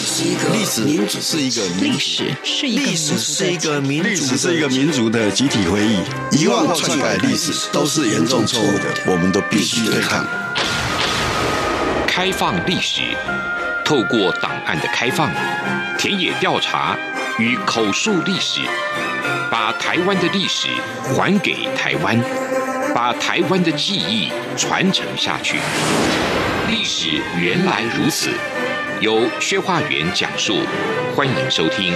歷史是一個民是一個歷史，史，史是一個民族的是一個民族的集體回憶，遺忘篡改歷史都是嚴重錯誤的，我們都必須對抗。開放歷史，透過檔案的開放、田野調查與口述歷史，把台灣的歷史還給台灣，把台灣的記憶傳承下去。歷史原來如此。由薛化元講述，歡迎收聽。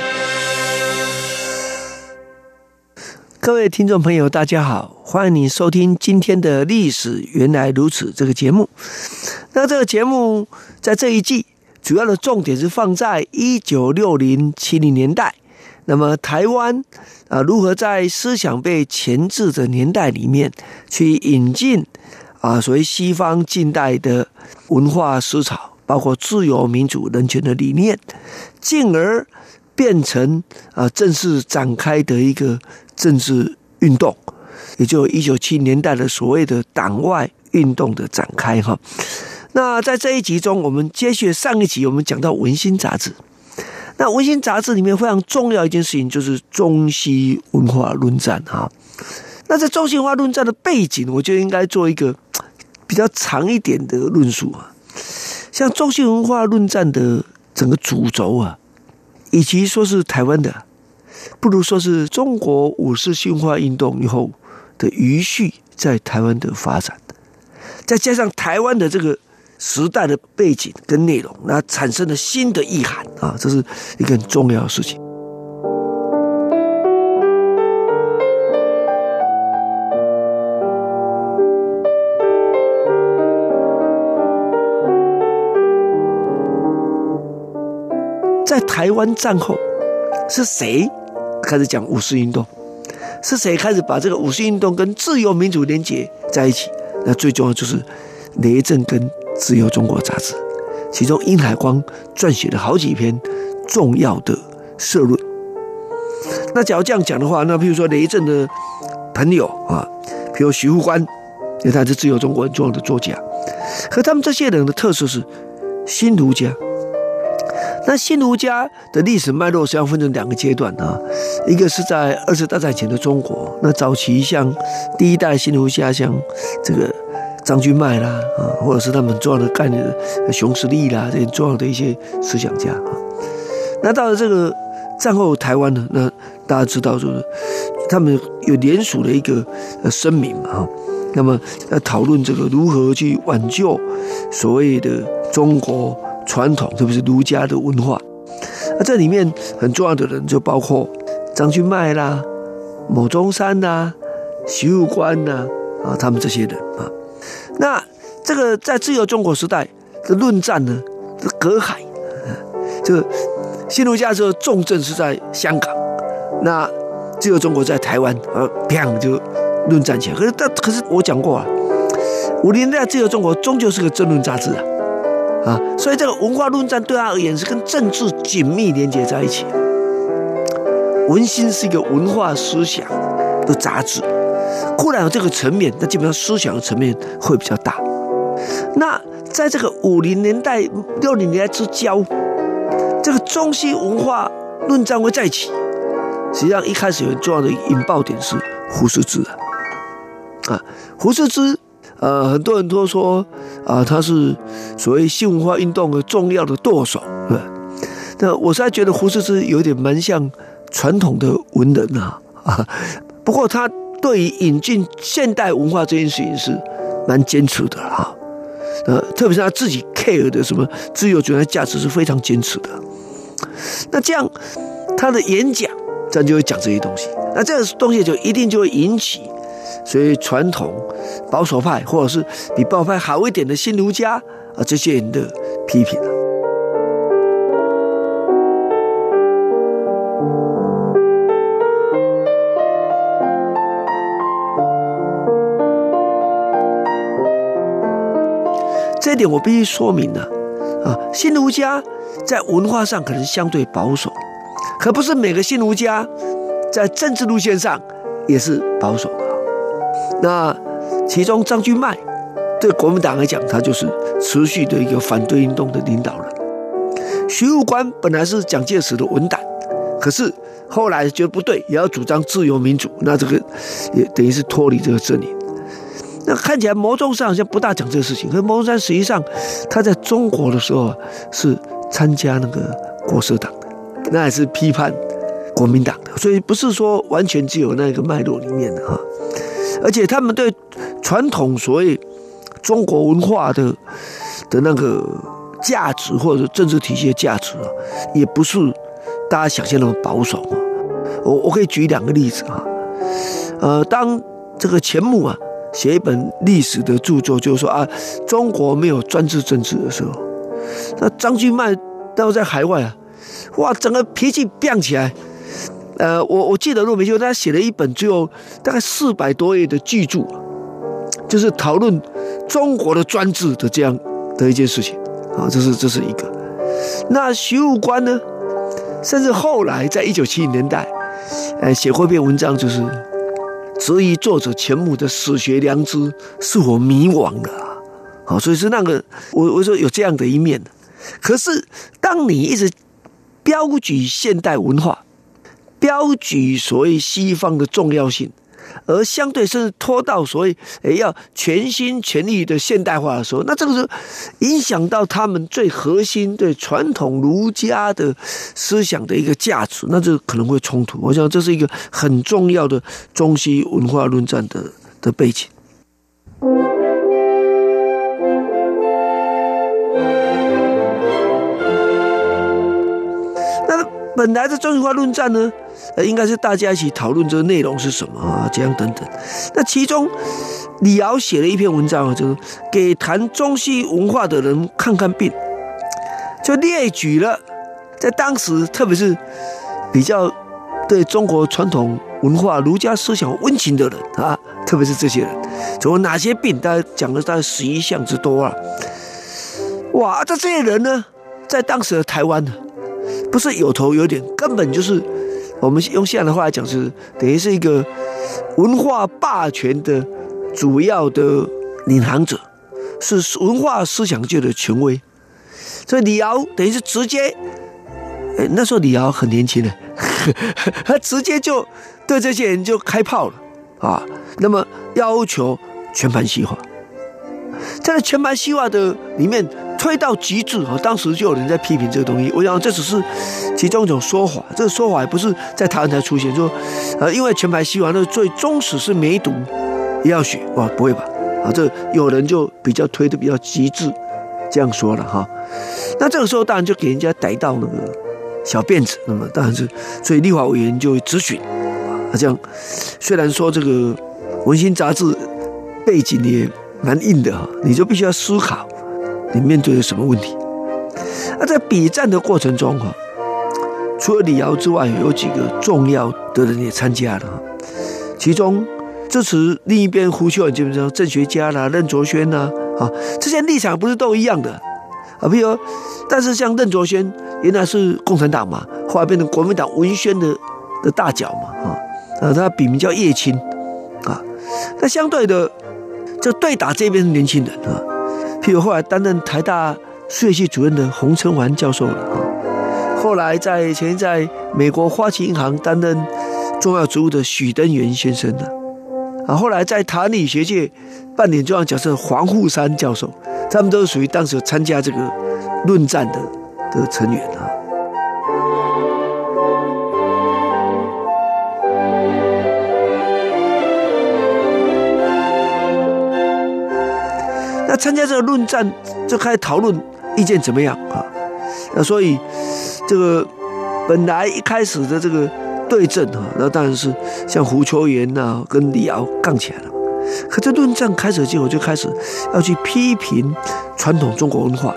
各位聽眾朋友，大家好，歡迎你收聽今天的歷史原來如此這個節目。那這個節目在這一季主要的重點是放在一九六零七零年代，那麼台灣啊如何在思想被鉗制的年代裡面去引進啊所謂西方近代的文化思潮。包括自由、民主、人權的理念，進而變成啊正式展開的一個政治運動，也就一九七零年代的所謂的黨外運動的展開哈。那在這一集中，我們接續上一集，我們講到《文星》雜誌。那《文星》雜誌裡面非常重要一件事情，就是中西文化論戰哈。那在中西文化論戰的背景，我就應該做一個比較長一點的論述啊。像中西文化論戰的整個主軸啊，以及說是台灣的，不如說是中國五四新文化運動以後的餘緒在台灣的發展，再加上台灣的這個時代的背景跟內容，那產生了新的意涵啊，這是一個很重要的事情。在台灣戰後，是誰開始講五四運動？是誰開始把這個五四運動跟自由民主連結在一起？那最重要的就是雷震跟《自由中國》雜誌，其中殷海光撰寫了好幾篇重要的社論。那假如這樣講的話，那譬如說雷震的朋友啊，比如徐復觀，因為他是《自由中國》很重要的作家，和他們這些人的特色是新儒家。那新儒家的歷史脈絡實際上分成兩個階段啊，一個是在二次大戰前的中國，那早期像第一代新儒家像這個張君邁啦啊，或者是他們重要的幹的熊十力啦、啊、這些重要的一些思想家啊。那到了這個戰後台灣呢，那大家知道就是他們有聯署的一個聲明啊，那麼要討論這個如何去挽救所謂的中國。傳統，特別是儒家的文化。那這裡面很重要的人就包括張君邁啦、牟中山啦、啊、徐鹿冠吶啊，他們這些人啊。那這個在自由中國時代的論戰呢，這隔海就新儒家的時候重鎮是在香港，那自由中國在台灣，呃，啪就論戰起來。可是但可是我講過啊，五零年代自由中國終究是個政論雜誌啊，啊。所以這個文化論戰對他而言是跟政治緊密連接在一起。《文星》是一個文化思想的雜誌，固然有這個層面，但基本上思想的層面會比較大。那在這個五零年代、六零年代之交，這個中西文化論戰會再起。實際上一開始有很重要的引爆點是胡適之啊，胡適之，呃，很多人都說。啊，他是所謂新文化運動的重要的舵手，對，那我實在覺得胡適是有點蠻像傳統的文人啊，啊。不過他對於引進現代文化這件事情是蠻堅持的啊。呃、啊，特別是他自己 care 的什麼自由主義的價值是非常堅持的。那這樣他的演講，咱就會講這些東西。那這個東西就一定就會引起。所以，傳統保守派，或者是比保守派好一點的新儒家啊，這些人的批評了。這一點我必須說明了啊，新儒家在文化上可能相對保守，可不是每個新儒家在政治路線上也是保守。那其中，張君勱對國民黨來講，他就是持續的一個反對運動的領導人。徐復觀本來是蔣介石的文膽，可是後來覺得不對，也要主張自由民主，那這個也等於是脫離這個陣營。那看起來牟宗三好像不大講這個事情，可牟宗三實際上，他在中國的時候是參加那個國社黨的，那也是批判國民黨的，所以不是說完全具有那個脈絡裡面的哈。而且他們對傳統所謂中國文化的的那個價值或者政治體系的價值啊，也不是大家想象那麼保守，我我可以舉兩個例子啊，呃，當這個錢穆啊寫一本歷史的著作，就是說啊，中國沒有專制政治的時候，那張君勱當時在海外啊，哇，整個脾氣變起來。呃，我我記得陸明修，他寫了一本只有大概四百多頁的巨著，啊，就是討論中國的專制的這樣的一件事情。啊、哦，這是這是一個。那徐復觀呢？甚至後來在一九七零年代，呃，寫過一篇文章，就是質疑作者錢穆的史學良知是否迷惘了，啊。啊、哦、所以是那個我我說有這樣的一面，可是當你一直標舉現代文化，標舉所謂西方的重要性，而相對甚至拖到所謂哎要全心全意的現代化的時候，那這個是影響到他們最核心對傳統儒家的思想的一個價值，那就可能會衝突。我想這是一個很重要的中西文化論戰的的背景。本來的中西文化論戰呢，呃，應該是大家一起討論這個內容是什麼啊，這樣等等。那其中李敖寫了一篇文章，啊，就是給談中西文化的人看看病，就列舉了在當時，特別是比較對中國傳統文化、儒家思想溫情的人啊，特別是這些人，從哪些病，大概講了大概十一項之多啊。哇，這這些人呢，在當時的台灣呢，不是有頭有臉，根本就是我們用現在的話來講是，是等於是一個文化霸權的主要的領航者，是文化思想界的權威。所以李敖等於是直接，哎、欸，那時候李敖很年輕的，啊，他直接就對這些人就開炮了啊。那麼要求全盤西化，在全盤西化的裡面。推到極致啊！當時就有人在批評這個東西，我想這隻是其中一種說法，這個說法也不是在台灣才出現。就說，呃，因為全盤西化了，最終始是梅毒，也要學哇？不會吧？啊，這有人就比較推的比較極致，這樣說了哈。那這個時候當然就給人家逮到那個小辮子，那麼當然是所以立法委員就質詢，啊，這樣，雖然說這個《文星》雜誌背景也蠻硬的哈，你就必須要思考。你面對有什麼問題？那在筆戰的過程中哈，除了李敖之外，有幾個重要的人也參加了。其中支持另一邊胡秋原這邊，政學家啦，任卓宣吶，啊，這些立場不是都一樣的啊？比如，但是像任卓宣，原來是共產黨嘛，後來變成國民黨文宣的的大腳嘛，啊，他筆名叫葉青，啊，那相對的就對打這邊的年輕人啊。譬如後來擔任台大數學系主任的洪成環教授了啊，後來在前面在美國花旗銀行擔任重要職務的許登源先生呢，啊後來在塔里學界扮演重要的角色的黃富山教授，他們都是屬於當時參加這個論戰的的成員。參加這個論戰，就開始討論意見怎麼樣啊？呃，所以這個本來一開始的這個對陣哈，那當然是像胡秋原吶、啊、跟李敖槓起來了。可這論戰開始之後，就開始要去批評傳統中國文化，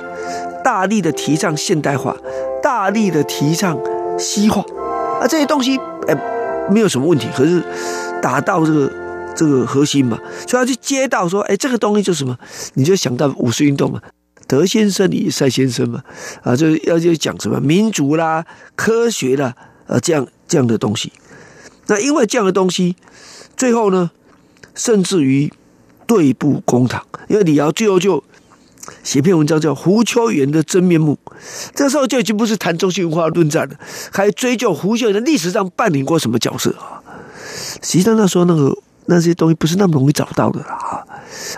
大力的提倡現代化，大力的提倡西化啊，這些東西呃沒有什麼問題。可是打到這個。這個核心嘛，就要去接到說，哎，這個東西就是什麼？你就想到五四運動嘛，德先生與賽先生嘛，啊，就要就講什麼民族啦、科學啦，啊，這樣這樣的東西。那因為這樣的東西，最後呢，甚至於對簿公堂。因為李敖最後就寫篇文章叫《胡秋原的真面目》，這時候就已經不是談中西文化論戰了，還追究胡秋原歷史上扮演過什麼角色啊。其實際上那時候那個。那些東西不是那麼容易找到的了啊！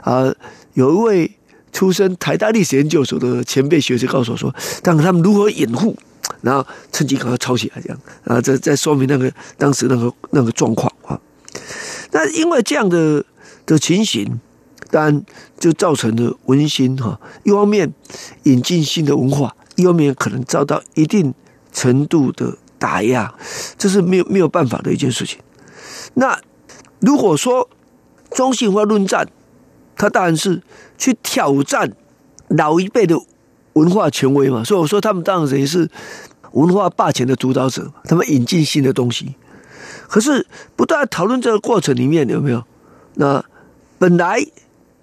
啊，有一位出身台大歷史研究所的前輩學者告訴我說：“當然他們如何掩護，然後趁機趕快抄起來，這樣，然後再再說明那個當時那個那個狀況啊。”那因為這樣的的情形，當然就造成了文星哈，啊，一方面引進新的文化，一方面可能遭到一定程度的打壓，這是沒有沒有辦法的一件事情。那。如果說中西文化論戰，他當然是去挑戰老一輩的文化權威嘛，所以我說他們當然是也是文化霸權的主導者，他們引進新的東西。可是不斷討論這個過程裡面有沒有那本來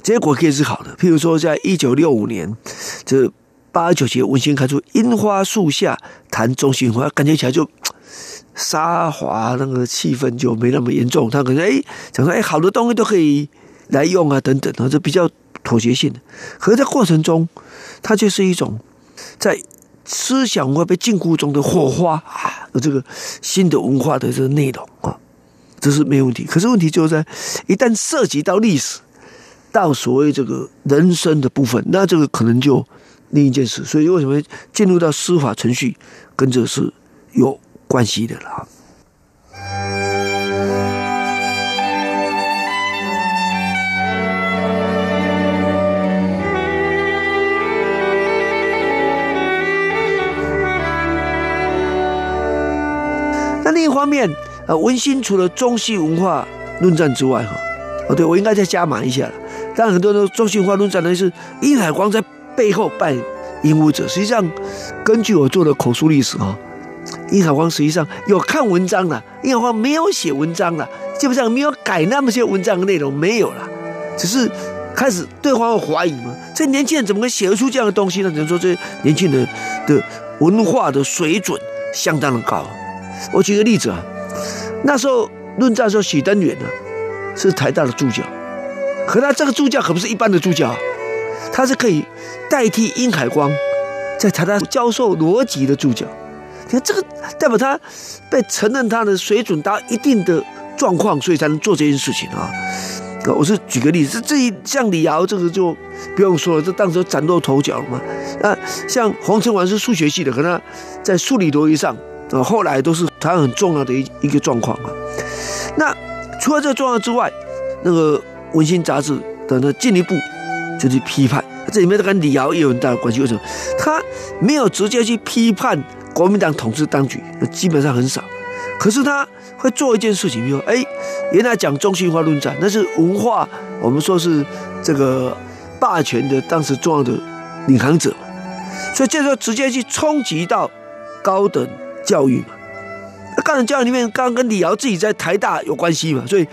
結果可以是好的，譬如說在一九六五年這八九期文星開出櫻花樹下談中西文化，感覺起來就。沙滑那個氣氛就沒那麼嚴重，他可能、欸、想講說哎、欸，好多東西都可以來用啊，等等啊，這比較妥協性的。可是在過程中，它就是一種在思想會被禁錮中的火花啊，這個新的文化的這個內容啊，這是沒有問題。可是問題就在、是、一旦涉及到歷史，到所謂這個人生的部分，那這個可能就另一件事。所以為什麼進入到司法程序，跟這是有。關係的啦。那另一方面，啊，文星，除了中西文化論戰之外，哈，哦，對我應該再加碼一下了。但很多中西文化論戰呢，是殷海光在背後扮影武者。實際上，根據我做的口述歷史啊。殷海光實際上有看文章了，殷海光沒有寫文章了，基本上沒有改那麼些文章的內容，沒有了，只是開始對方會懷疑嘛，這年輕人怎麼可以寫得出這樣的東西呢？只能說這年輕人的文化的水準相當的高。我舉個例子啊，那時候論戰的時候，許登源呢是台大的助教，可他這個助教可不是一般的助教啊，他是可以代替殷海光在台大教授邏輯的助教。你看這個代表他被承認，他的水準到一定的狀況，所以才能做這件事情啊。我是舉個例子，這一，像李敖這個就不用說了，這當時嶄露頭角了嘛。那像洪成完是數學系的，可能在數理邏輯上啊，後來都是他很重要的一個狀況嘛、啊。那除了這個狀況之外，那個《文星雜誌》的呢，進一步就去批判，這裡面都跟李敖也有很大的關係。為什麼？他沒有直接去批判。國民黨統治當局，那基本上很少，可是他會做一件事情，比如說，哎，原來講中西文化論戰，那是文化，我們說是這個霸權的當時重要的領航者，所以這時候直接去衝擊到高等教育嘛。那高等教育裡面，剛剛跟李敖自己在台大有關係嘛，所以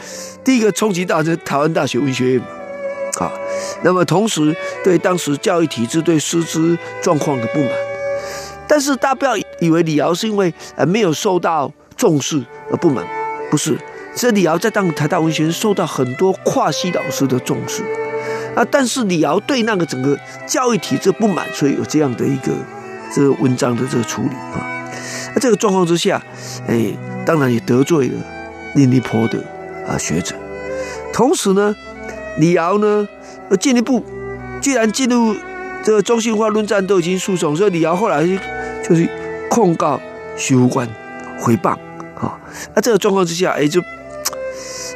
第一個衝擊到這台灣大學文學院嘛，啊，那麼同時對當時教育體制、對師資狀況的不滿，但是大家不要。以為李敖是因為呃沒有受到重視而不滿，不是，這李敖在當台大文學院受到很多跨系老師的重視啊，但是李敖對那個整個教育體制不滿，所以有這樣的一個這個文章的這個處理啊。這個狀況之下，哎，當然也得罪了立尼坡的啊學者。同時呢，李敖呢，進一步既然進入這個中西文化論戰都已經訴訟，所以李敖後來就是。控告徐復觀毀謗，啊那這個狀況之下，哎、欸，就，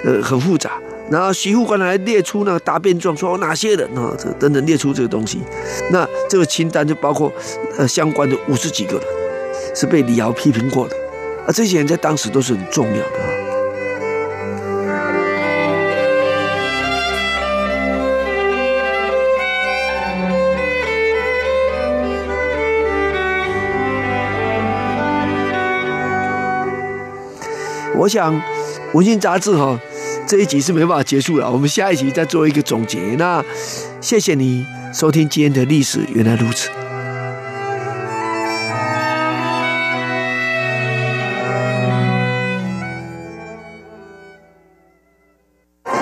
呃，很複雜。然後徐復觀還列出那個答辯狀，說哪些人啊，這等等列出這個東西。那這個清單就包括呃相關的五十幾個人是被李敖批評過的，啊，這些人在當時都是很重要的。我想，《文星雜誌》哈，這一集是沒辦法結束了，我們下一集再做一個總結。那謝謝你收聽今天的《歷史原來如此》。